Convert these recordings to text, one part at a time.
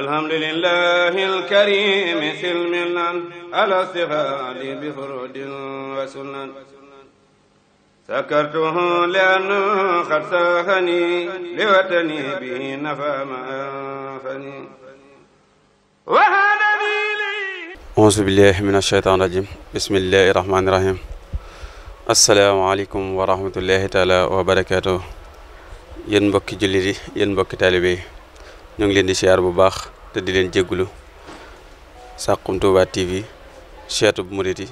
الحمد لله الكريم سلمنا على استفاد بفرود وسنن سكرته لأنه قد ساهني لوطني به نفى ما أنفني وهذا أعوذ بالله من الشيطان الرجيم بسم الله الرحمن الرحيم السلام عليكم ورحمة الله تعالى وبركاته yéen mbokki jullit yi yéen mbokki taalibe yi ñoo ngi leen di siyaar bu baax te di leen jéggulu Saxum Touba TV seetu bu murit yi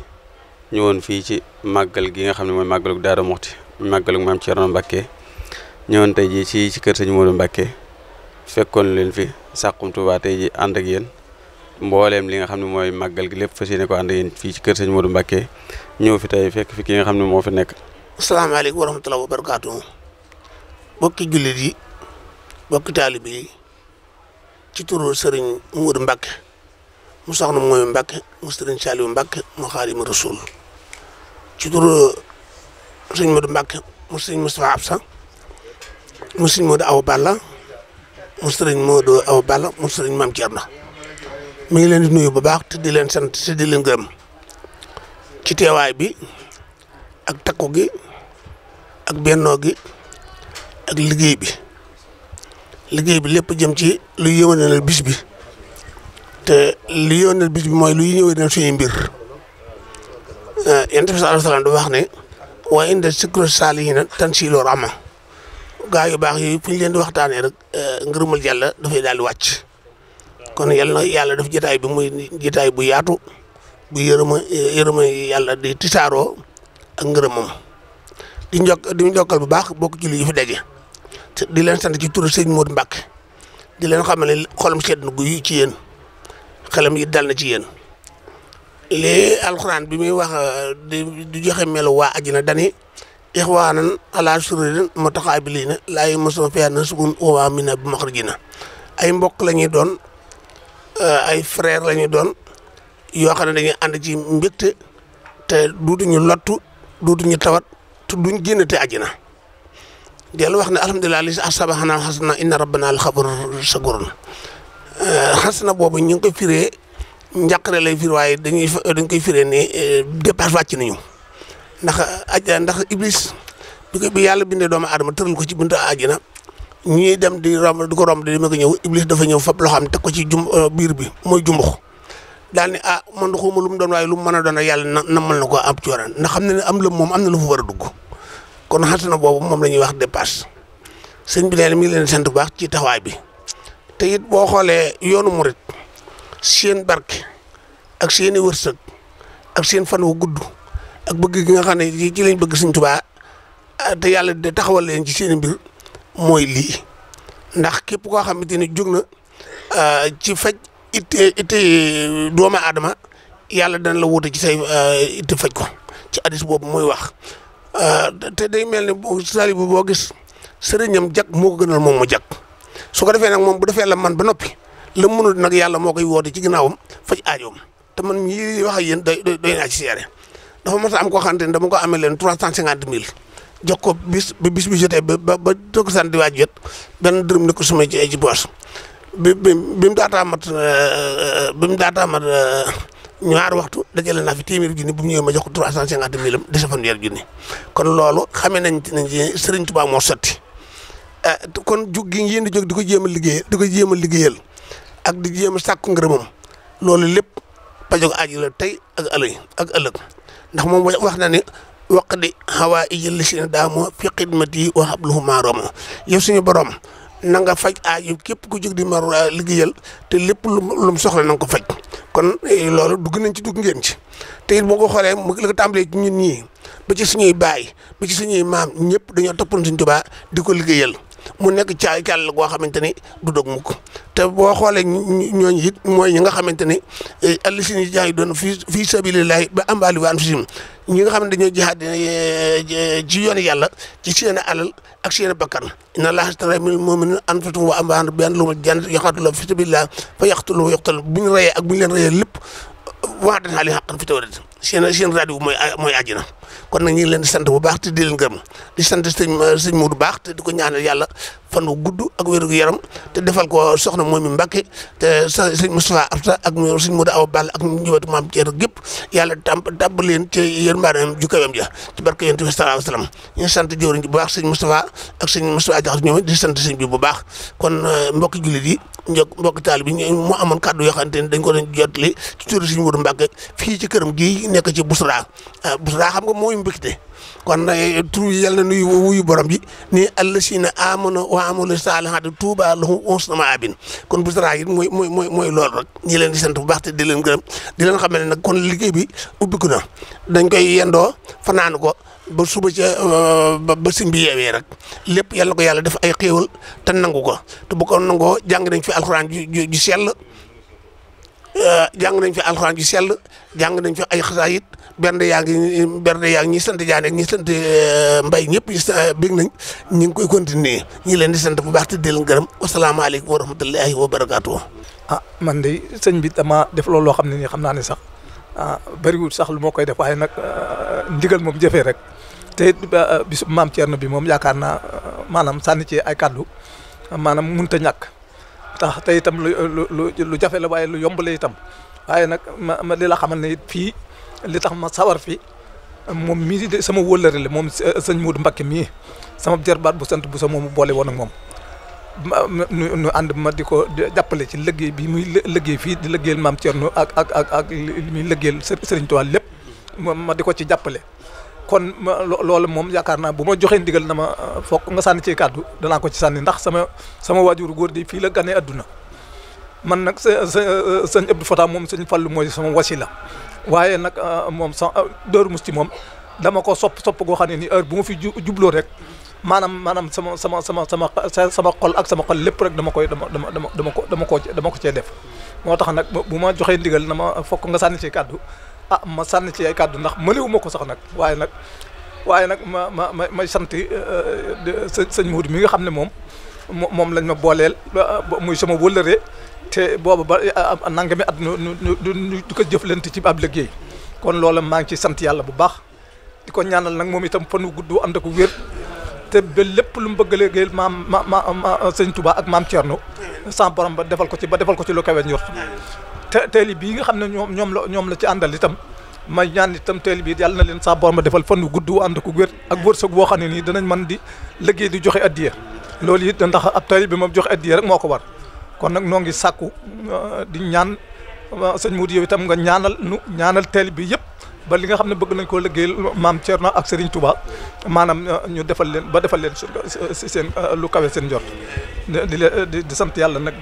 ñu fii ci màggal gi nga xam ne mooy màggalug Daaru Muxti màggalug Maam Cerno Mbàkke ñëwoon tey ci ci kër sëñ Modou leen fi Saxum Touba tey ji ànd ak yéen mbooleem li nga xam ne mooy màggal gi lépp fas yéene ko ànd ak fii ci kër sëñ Modou Mbàkke ñëw fi tey fekk fi ki nga xam ne moo fi nekk asalaamaaleykum wa rahmatulah wa barakaatu bokki jullit yi bokki taalibe yi ci turu sëriñ Moodu Mbàkke mu soxna mooy Mbàkke mu sëriñ Saaliwu Mbàkke mu Xaadimu Rasuul ci turu sëriñ Moodu Mbàkke mu sëriñ Moustapha Absa mu sëriñ Moodu Awa Balla mu sëriñ Moodu Awa Balla mu sëriñ Maam Cerno mi ngi leen di nuyu bu baax te di leen sant te di leen teewaay bi ak takku gi ak bennoo gi ak liggéey bi liggéey bi lépp jëm ci lu yëwénal bis bi te lu yëwénal bis bi mooy luy ñëwénal suñu mbir yonent bi sallallahu alayhi wa sallam du wax ne waaye inde sikru saalihiina tanzilu rahma gaa yu baax yi fu leen di waxtaanee rek eh, ngërëmal yàlla dafay daal di kon yàlla na yàlla daf jotaay bi muy jotaay bu yaatu bu yërëma yërëma yàlla di tisaaroo ak ngërëmam di njokk di njokkal bu baax bokk ci li fi daje di leen sant ci turu sëñ Modou Mbacke di leen xamal ne xolam sedd na guy ci yéen xelam yi dal na ci yéen lii alxuraan bi muy wax di joxe melu waa àjjana dani ixwaanan alaa sururin mutaqaabiliina laa yamassuhum fiihaa nasabun wa maa hum minhaa bi mukhrajiin ay mbokk la doon euh, ay frère la doon yoo xam ne dañuy ànd ci mbégte te duutuñu lottu duutuñu tawat te duñ génn te àjjana dellu wax ne alhamdulilah li asabaxanaa xas na inna rabbana al xabur sagurun eh, xas na boobu ñu ngi koy firee njàqare lay firi waaye dañuy dañ koy firee ne eh, dépasse wàcc nañu ndax ajja ndax iblis bi ko bi yàlla bindee doomu aadama tëral ko ci buntu àjjana ñuy dem di romb di ko romb di ma ko ñëw iblis dafa ñëw fab loo xam teg ko ci jum eh, biir bi mooy jumbux daal ni ah man xuma lu mu doon waaye lu mu mën a doon yàlla na namal na ko ab cooran ndax xam ne ne am la moom am na lu fa war a dugg kon xasana boobu moom la ñuy wax dépasse sëñ bi nee na mi ngi leen sant bu baax ci taxawaay bi te it boo xoolee yoonu murit seen barke ak seen i wërsëg ak seen fan wu gudd ak bëgg gi nga xam ne ci lañ bëgg sëñ Tuubaa ah, te yàlla de taxawal leen ci seen mbir mooy lii ndax képp koo xamante ni jóg na ah, ci faj it it doomu aadama yàlla dana la wuute ci say ah, it faj ko ci addis boobu muy wax. Ah, te day mel ni taalibe boo gis sëriñam jag moo ko gënal moom mu jag su ko defee nag moom bu defee la man ba noppi la mënul nag yàlla moo koy woote ci ginnaawam faj aajoom te man ñii wax ak yéen doy doy naa ci seere dafa mos a am koo xamante ni dama ko amee leen trois cent cinquante mille jox ko bis ba bis bi jotee ba ba ba toog sant di waaj jot benn dërëm ne ko sumay ci ay ci poos bi bi bi mu daataa mat euh, euh, ñaar waxtu dajale naa fi téeméeri junni bu mu ñëwee ma jox ko trois cent cinquante mille am dese fanweeri junni kon loolu xamee nañ nañ ci Sëriñ Tuubaa moo sotti eh, kon jug gi ngeen di jóg di ko jéem a liggéey di ko jéem liggéeyal ak di jéem a sàkku ngërëmam loolu lépp pajog aaji la tey ak ëllëg ak ëllëg ndax moom wax na ne waq di xawaa ijël si ne daamoo fi xidmati wa habluhu maarooma yow suñu borom na nga faj aaju képp ku jóg di ma eh, liggéeyal te lépp lu soxla na ko faj kon eh, loolu dugg nañ ci dugg ngeen ci te it boo ko xoolee mu la ko tàmbalee ci ñin ñii ba ci suñuy baay ba ci suñuy maam ñëpp dañoo toppoon suñ Tuubaa di ko liggéeyal mu nekk caay kàll goo xamante ni du dog mukk te boo xoolee ñooñ it mooy ñi nga xamante ni eh, allisini jaay doon fii fii sabilillahi ba ambali waan fi ñi nga xam ne dañoo jihaad eh, eh, ci yoonu yàlla ci seen alal ak seen bakkan inna allaha ashtara minal mu'minina anfusahum wa amwaalahum bi anna lahumul jannata yuqaatiluuna fii sabilillahi fa yaqtuluuna wa yuqtaluuna bu ñu reyee ak bu ñu leen reyee lépp wax dëgg yàlla xaqan fi tawreet seen seen rajo mooy mooy kon nag ñu leen sant bu baax te di leen gërëm di sant sëñ mu du baax te di ko ñaana yàlla fan wu gudd ak wér gu yaram te defal ko soxna moom mi Mbàkke te sa sëñ Moustapha Absa ak sëñ Modou Awa Ball ak njabootu maam Thierno gépp yàlla tàmp tàmp leen ci yërmandeem ju kawam ja ci barke yonent bi sallallahu ñu sant jëwriñ bu baax sëñ Moustapha ak sëñ Moustapha Jaxate ñoom di sant sëñ bi bu baax kon euh, mbokki jullit yi mbokki taal bi mu amoon kàddu yoo xamante ne dañ ko doon jotli ci turu sëñ Modou fii ci këram gi nekk ci busra ah, busra xam nga mooy mbégte kon eh, tur yi yàlla bi nuyu wuyu borom bi ni allasina amanu wa amalu saalihaati tuuba lahum husna maabin kon busra yi mooy mooy mooy mooy loolu rek ñi leen di sant bu baax te di leen gërëm di leen xamal ne nag kon liggéey bi ubbiku na dañ koy yendoo fanaan ko ba suba ca eh, ba simbi yeewee rek lépp yàlla ko yalla def ay xéewal te nangu ko te bu ko nangoo jàng fi alxuraan ju ju Eh, jàng nañ fi alxuraan ju sell jàng nañ fi ay xasaayit benn yaa ngi benn yaa ngi ñi sant Diané ñi sant eh, Mbay ñëpp ñu bég nañ ñu ngi koy continuer ñi leen di sant bu baax te di leen gërëm wasalaamaaleykum wa rahmatullahi wo barakaatu. ah man de sëñ bi dama def loolu loo xam ne nii xam naa ne sax ah bëriwul sax lu moo koy def waaye nag eh, ndigal moom jëfee rek te bisu maam Thierno bi moom yaakaar naa maanaam sànni ci ay kàddu maanaam mënut a ñàkk. tax te itam lu lu lu jafe la waaye lu yomb la itam waaye nag ma ma li la xamal ne it fii li tax ma sawar fi moom mii de sama wóllëre la moom sëñ Modou Mbacké mii sama jarbaat bu sant bu sa moomu boole woon ak moom nu ànd ma di ko jàppale ci liggéey bi muy liggéey fii di liggéeyal maam Thierno ak ak ak ak li muy liggéeyal Serigne Touba lépp ma di ko ci jàppale. kon loolu moom yaakaar naa bu ma joxee ndigal na ma euh, fok nga sànni ci kàddu danaa ko ci sànni ndax sama sama waajur góor di fii la ganee adduna man nag sa sa euh, sëñ moom sëñ Fallu mooy sama wasila waaye nag euh, moom sa Daaru Musti moom dama ko sopp sopp goo xam ne ni heure bu ma fi jubloo rek maanaam maanaam sama sama sama sama sama xol ak sama xol lépp rek dama koy dama dama dama dama ko dama ko dama ko cee def moo tax nag bu ma joxee ndigal na ma fokk nga sànni ci kàddu ah ma sànni ci ay kàddu ndax ma ko sax nag waaye nag waaye nag ma ma ma may sant eh, eh, sëñ Mawud mi nga xam ne moom moom lañ ma booleel muy sama wëllëree te boobu ba eh, ah, ah, nangami at nu nu du ko jëflante ci ab liggéey kon loola maa ngi ci sant yàlla bu baax di ko ñaanal nag moom itam fan wu gudd ànd ak wér te ba lépp lu mu bëgg a maam ma ma sëñ Touba ak maam Thierno sans borom ba defal ko ci ba defal ko ci lu kawe njort te bi yi nga xam ne ñoom ñoom la ñoom la ci àndal itam may ñaan itam taalib yi yàlla na leen saa ma defal fan wu gudd ànd ko wér ak wërsëg boo xam ne nii danañ man di liggéey di joxe addiya loolu it ndax ab taalib bi moom joxe addiya rek moo ko war kon nag noo ngi sàkku uh, di ñaan uh, sëñ Mouride yow itam nga ñaanal nu ñaanal taalib bi yëpp ba li nga xam ne bëgg nañ koo liggéeyal maam na ak Serigne Touba maanaam euh, ñu defal leen ba defal leen si seen euh, lu kawe seen jot di di di sant yàlla nag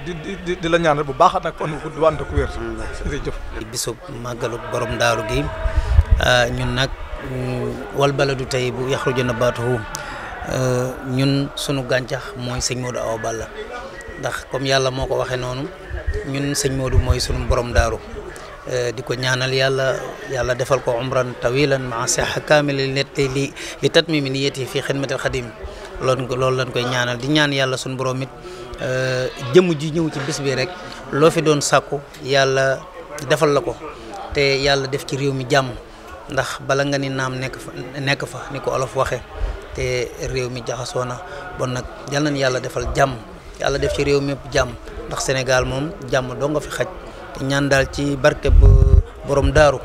di di la ñaanal bu baax nag fan wu wànd ak wér. Mm, jërëjëf. bisub màggalu borom daaru gi euh, ñun nag mm, wal du tey bu yaxruju nabaatuhu ñun sunu gàncax mooy sëñ Modou Awa Balla ndax comme yàlla moo ko waxee noonu ñun sëñ moodu mooy sunu borom daaru. Eh, di ko ñaanal yàlla yàlla defal ko umran tawilan ma siha kaamila li li li tatmimi niyati fi xidmatil xadim loolu loolu lañ koy ñaanal di ñaan yàlla suñu borom eh, jëmm ji ñëw ci bis bi rek loo fi doon sàkku yàlla defal la ko te yàlla def ci réew mi jàmm ndax bala nga ni naam nekk nekk fa ni ko olof waxee te réew mi jaxasoo na bon nag yal yàlla defal jàmm yàlla def ci réew mi jàmm ndax Sénégal moom jàmm doo nga fi xaj ñaan daal ci barke borom daaru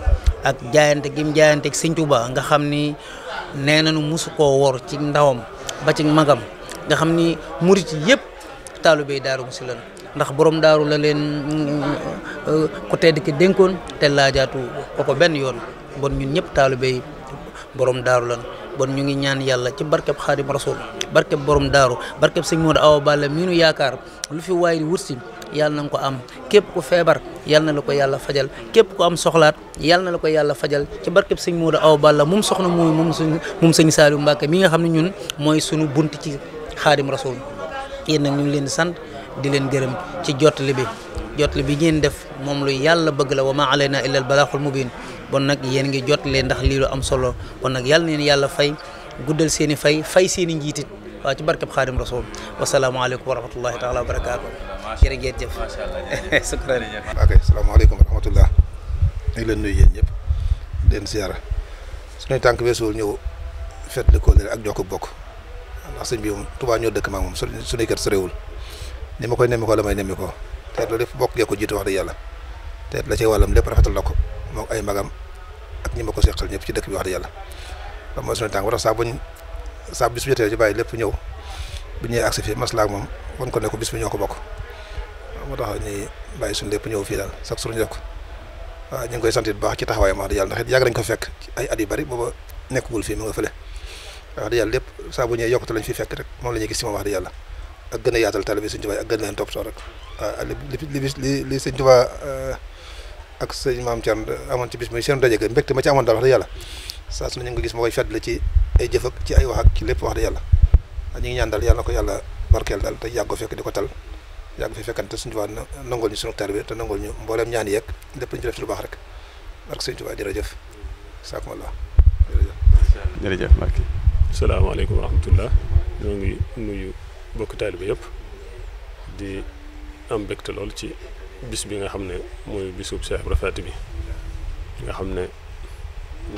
ak jaayante gim jaayante ak Sëñ nga xam ni nee nañu musu koo wor ci ndawam ba ci magam nga xam ni murit yëpp taalubéy daaru mu si lan ndax borom daaru la leen euh, ku tedd ki dénkoon te laajaatu ko ko benn yoon bon ñun ñëpp taalubéy borom daaru lan bon ñu ngi ñaan yàlla ci barkeb xaadim rasul barkeb borom daaru barkeb sëñ aw Awa Balla nu yaakaar lu fi waay wutsi yàlla na nga ko am képp ko feebar yàlla na la ko yàlla fajal képp ku am soxlaat yàlla na la ko yàlla fajal ci barkeb sëñ Modou aw Balla moom soxna mooy moom suñ moom sëñ Saliou Mbacke mi nga xam ne ñun mooy suñu bunt ci xaadim rasul yéen nag ñu ngi leen sant di leen gërëm ci jottali bi jottali bi ngeen def moom lu yàlla bëgg la wa ma alayna illa al balaaxul mubin bon nag yéen ngi jot leen ndax lii lu am solo bon nag yàlla neen yàlla fay guddal seeni i fay fay seen i njiitit waaw ci barkab xaadim rasul wasalaamaaleykum wa rahmatullahi taala wa barakaatu jërëjëf sukran salaamaaleykum wa rahmatullah leen nuyu yéen ñëpp leen siyaara suñuy tànk weesuwul ñëw fet li ko ak jokk bokk ndax sëñ bi moom Tuubaa ñoo dëkk maag moom suñuy kër soriwul ni ma koy nemmi ko la may nemmi ko teet loolu yëpp bokk gee ko jiitu wax dëgg yàlla te la ci wàllam lépp rafetal na ko moom ay mbagam ak ñi ma ko seqal ñëpp ci dëkk bi wax dëgg yàlla loolu mooy suñu tànk war a saa buñ saa bis bu jotee ci bàyyi bu ñëwee agsi fii maslaa ak moom wan ko ne bis ñoo ko bokk moo tax ñuy bàyyi suñu lépp ñëw fii daal sax suñu def ko waaw ñu ngi koy sant ci taxawaayam wax yàlla ndax it yàgg ko fekk ay at yu bari booba nekkagul fii mu nga lépp saa bu ñëwee yokkute lañ fi fekk rek moom la ñuy gis ci moom wax dëgg yàlla ak gën a yaatal taalibe Sëñ Tuubaa ak gën leen topp soo rek li li li Sëñ Tuubaa euh, ak sëñ maam Thierno amoon ci bis mi seen daje ga mbégte ma ci amoon daal wax dëgg yàlla saa su ne ñu ngi gis ma koy fàttali ci ay jëf ak ci ay wax ak ci lépp wax dëgg yàlla ñu ngi ñaan daal yàlla na ko yàlla barkeel daal te yàggo fekk di ko tal yàgg fi fekkante suñu Tuubaa nangool ñu sunu tarbiya te nangool ñu mbooleem ñaan yeeg lépp ñu ci def ci lu baax rek barke sëñ Tuubaa jërëjëf saakumallaa jërëjëf jërëjëf barke salaamaaleykum wa rahmatullah ngi nuyu ci bis bi nga xam ne mooy bisub Cheikh Ibra Faty bi nga xam ne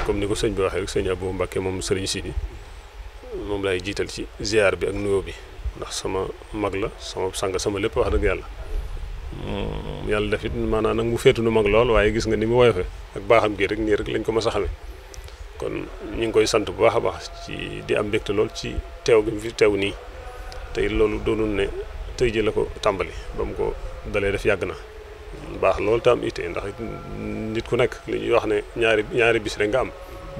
comme ni ko sëñ bi waxee rek sëñ Abou Mbacke moom sëriñ ni moom laay jiital ci ziar bi ak nuyoo bi ndax sama mag la sama sang sama lépp wax dëgg yàlla mm, yàlla def it maanaam nag mu féetu nu mag lool waaye gis nga ni mu woyofe ak baaxam gi rek nii lañ ko mas a xamee kon ñu ngi koy sant bu baax a baax ci di am mbégte lool ci teew gi mu fi teew nii tey loolu doonul ne tey ji la ko tàmbali ba ko dalee def yàgg na baax loolu tam ittee ndax nit ku nekk li ñuy wax ne ñaari ñaari bis rek nga am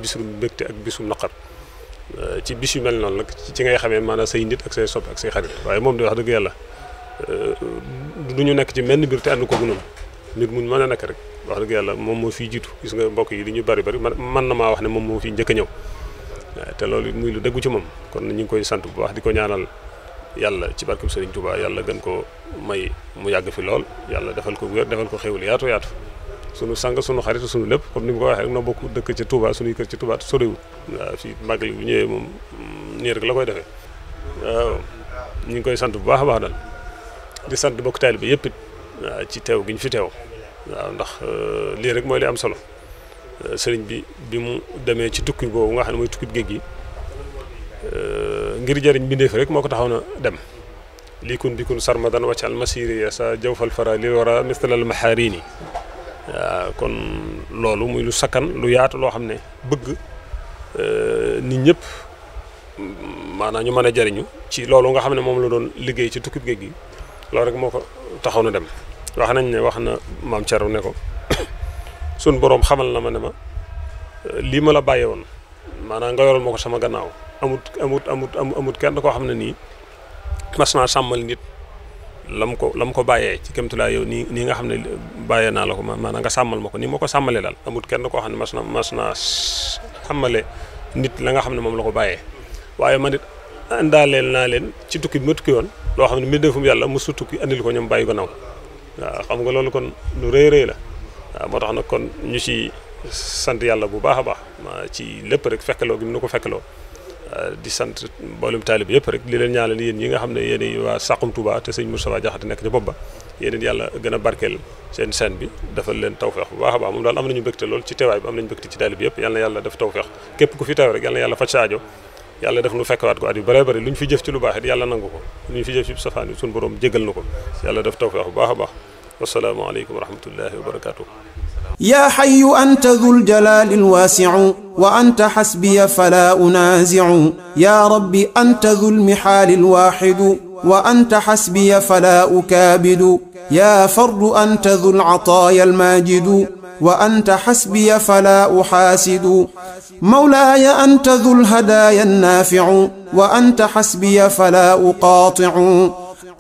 bisum mbégte ak bisum naqar euh, ci bis yu mel noonu nag ci ngay xamee maanaam say nit ak say sopp ak say xarit waaye moom di wax dëgg yàlla euh, du ñu nekk ci menn biir te ànd ko gunóor nit mu mën a nekk rek wax dëgg yàlla moom moo fiy jiitu gis nga mbokk yi li ñu bari bari man na maa wax ne moom moo fiy njëkk a ñëw euh, te loolu muy lu dëggu ci moom kon ñu ngi koy sant bu baax di ko ñaanal. yàlla ci barkeb Serigne Touba yàlla gën ko may mu yàgg fi lool yàlla defal ko wér defal ko xéwal yaatu yaatu sunu sang sunu xarit sunu lépp comme ni mu ko waxee rek noo bokk dëkk ca Touba sunuy kër ci Touba te soriwul waaw fii màggal bu ñëwee moom mm, nii la koy defee ngi koy sant bu baax a baax daal di sant bokk taalibe yëpp it ci teew gi ñu fi teew waaw ndax euh, lii rek mooy li am solo euh, sëriñ bi bi mu demee ci tukki boobu nga xam ne mooy tukki géej gi. Euh, ngir jariñ jëriñ mbindeef rek moo ko taxaw na dem lii kun bi kun sarmadan waccal masiri ya sa jawfal fara li wara mistalal maxaarini waaw kon loolu muy lu sakkan lu yaatu loo xam ne bëgg e, nit ñëpp maanaam ñu mën a jariñu ci loolu nga xam ne moom la doon liggéey ci tukkib géej gi loolu rek moo ko taxaw na dem wax nañ ne wax na maam Thierno ne ko sun boroom xamal na ma ne ma e, lii ma la bàyyee woon maanaam nga yoral ma ko sama gannaaw amut amut amut amut kenn koo xam ne nii mas naa sàmmal nit lam ko lam ko bàyyee ci kémtulaay yow nii nii nga xam ne bàyyee naa la ko maanaam nga sàmmal ma ko nii ma ko sàmmalee daal amut kenn koo xam ne mas na mas nit la nga xam ne moom la ko bàyyee waaye man it indaaleel naa leen ci tukki bi ma tukki woon loo xam ne mbindeefum yàlla mosu tukki andil ko ñoom bàyyi ko naw waaw xam nga loolu kon lu rëy rëy la waaw moo tax nag kon ñu ci sant yàlla bu baax a baax ci lépp rek fekkaloo gi ko fekkaloo di sant mboolem taalib yëpp rek li leen ñaanal yéen ñi nga xam ne yéenay waa Saxum Touba te sëñ Moustapha Diakhaté nekk ci bopp ba yéen yàlla gën a barkeel seen seen bi defal leen tawfeex bu baax a baax moom daal am nañu mbégte lool ci teewaay bi am nañu mbégte ci taalib yëpp yal na yàlla def tawfeex képp ku fi teew rek yal na yàlla faj sa ko lu ñu fi jëf ci lu baax it yàlla nangu ko lu ñu fi jëf ci safaan yi suñu borom jégal na ko yàlla def a baax yaa xayu anta dul jalaali alwaasicu wa anta xasbiya falaa unaasicu yaa rabbi anta dul mixaali alwaaxidu wa anta xasbiya falaa ukaabidu yaa fardu anta dul cataaya almaajidu wa anta xasbiya falaa uxaasidu mawlaaya anta dul hadaaya annaaficu wa anta xasbiya falaa uqaaticu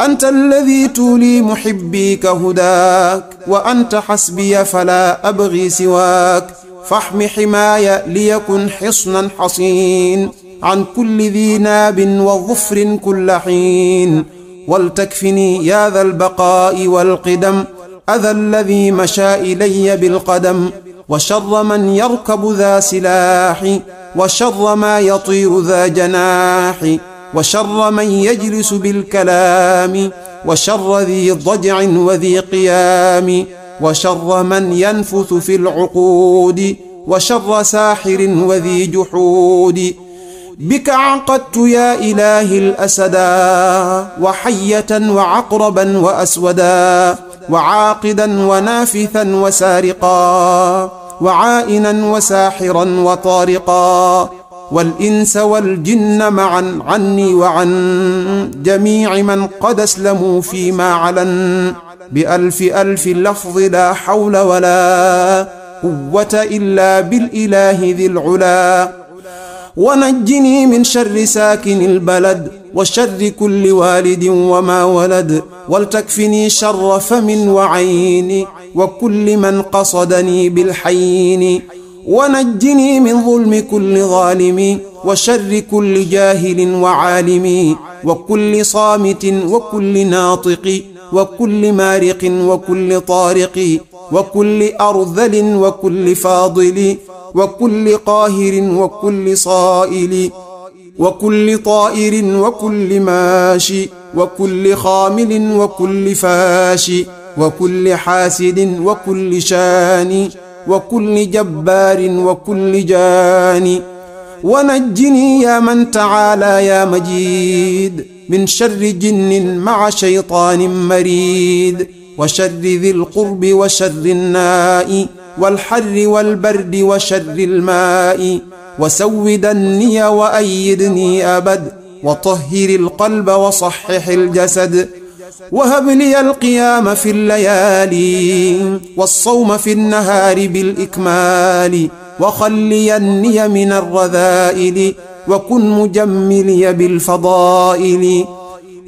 أنت الذي تولي محبي كهداك وأنت حسبي فلا أبغي سواك فاحم حمايا ليكن حصنا حصين عن كل ذي ناب وظفر كل حين ولتكفني يا ذا البقاء والقدم أذى الذي مشى إلي بالقدم وشر من يركب ذا سلاح وشر ما يطير ذا جناح وشر من يجلس بالكلام وشر ذي ضجع وذي قيام وشر من ينفث في العقود وشر ساحر وذي جحود بك عقدت يا إله الأسدا وحية وعقربا وأسودا وعاقدا ونافثا وسارقا وعائنا وساحرا وطارقا والإنس والجن معا عني وعن جميع من قد أسلموا فيما علن بألف ألف لفظ لا حول ولا قوة إلا بالإله ذي العلا ونجني من شر ساكن البلد وشر كل والد وما ولد ولتكفني شر فم وعين وكل من قصدني بالحين ونجني من ظلم كل ظالم وشر كل جاهل وعالم وكل صامت وكل ناطق وكل مارق وكل طارق وكل أرذل وكل فاضل وكل قاهر وكل صائل وكل طائر وكل ماشي وكل خامل وكل فاشي وكل حاسد وكل شاني wa kulli jabbaarin wa kulli jaani wa najjini yaa man taala yaa majiid min sharri jinnin maca shaytaanin mariid wa sharri dil qurbi wa sharri nnaa'i والحر والبرد وشر الماء وسود النية وأيدني أبد وطهر القلب وصحح الجسد wahab li alqiyaama fi llayaali walsawma fi nnahaari bilikmaali wa xalliyanniya min alradaaili wa kun mujammiliya bilfadaili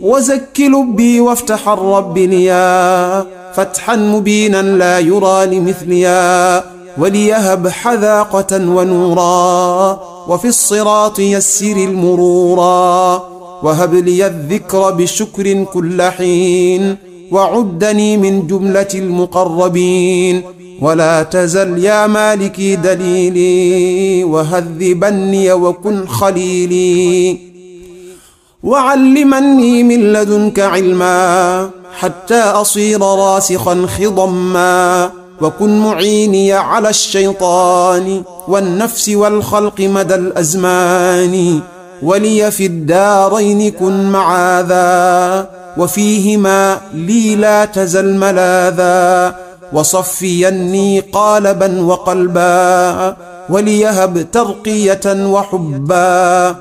wa zakki lubbii waftaxa rabbi liya fatxan mubiinan laa yuraa limithliya وليهب حذاقة ونورا وفي الصراط يسر المرورا وهب لي الذكر بشكر كل حين وعدني من جملة المقربين ولا تزل يا مالكي دليلي وهذبني وكن خليلي وعلمني من لدنك علما حتى أصير راسخا خضما وكن معيني على الشيطان والنفس والخلق مدى الأزمان ولي في الدارين كن معاذا وفيهما لي لا تزل ملاذا وصفيني قالبا وقلبا وليهب ترقية وحبا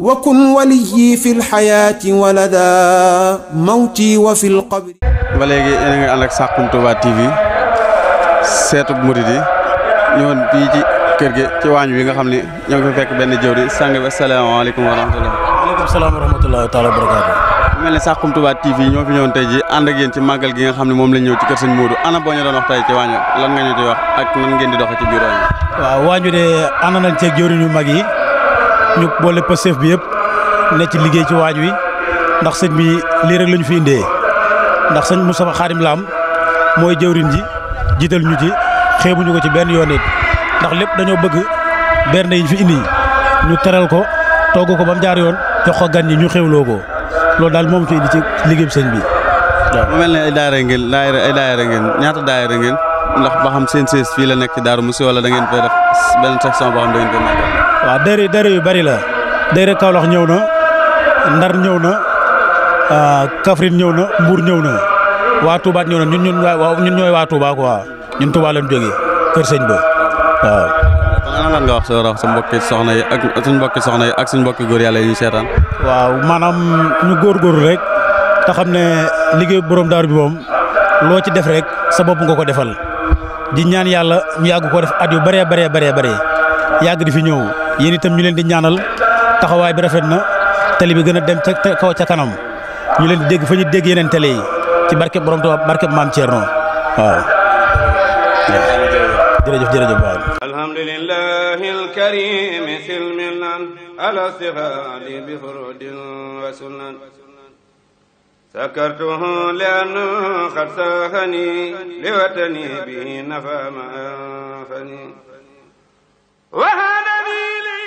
وكن ولي في الحياة ولدا موتي وفي القبر ba léegi yéen a ngi ànd ak Saxum Touba TV seetu murid yi ñëwoon bii ci kër gi ci waañ wi nga xam ne ñoo ngi fa fekk benn jëw di sang bi asalaamaaleykum wa rahmatulah. waaleykum salaam wa rahmatulah taala barakaatu. mel ne Saxum Touba TV ñoo fi ñëwoon tey ji ànd ak yéen ci màggal gi nga xam ne moom lañ ñëw ci kër sëñ Modou ana boo ñu doon wax tey ci waañ lan nga ñu di wax ak nan ngeen di doxee ci biir waañ waaw waañ wi de ànd nañ ceeg jëwriñ yu mag yi ñu boole pësëf bi yëpp ne ci liggéey ci waañ wi ndax sëñ bi lii rek la ñu fi indee ndax sëñ Moussa Xaadim Lam mooy jëwriñ ji jiital ñu ci xeebuñu ko ci benn yoon it ndax lépp dañoo bëgg bernde yi fi indi ñu teral ko togg ko ba mu jaar yoon jox ko gan ñi ñu xewloo ko loolu daal moom fi indi ci liggéeyam sëñ bi waaw. mu mel ne ay daayira ngeen daayira ay daayira ngeen ñaata daayira ngeen ndax ba xam seen sées fii la nekk ci Darou Mousty wala da ngeen fay def benn section boo xam da ngeen koy màggal. waaw daayira yu bari la daayira Kaolack ñëw na Ndar ñëw na ah, Kaffrine ñëw na Mbour ñëw na waa Touba ñëw na ñun ñun waa ñun ñooy waa Touba quoi sëñ ba. waaw. ana lan nga wax soxna yi ak suñ mbokki soxna yi ak suñ mbokki góor yàlla yi ñu seetaan. waaw maanaam ñu góorgóorlu rek te xam ne liggéey borom daaru bi moom loo ci def rek sa bopp nga ko defal di ñaan yàlla ñu yàgg koo def at yu bëree bëree bëree bëri yàgg di fi ñëw yéen itam ñu leen di ñaanal taxawaay bi rafet na tali bi gën a dem ca kaw ca kanam ñu leen di dégg fa ñu dégg yeneen tali yi ci barkeb boroom Tuubaa barkeb maam Thierno waaw. jërëjëf jërëjëf baay alhamdulillahi alkarim silmilan ala sirali bi furudin wa sunan sakartuhu li an qad saxani li watani bi nafa ma fani wa hadani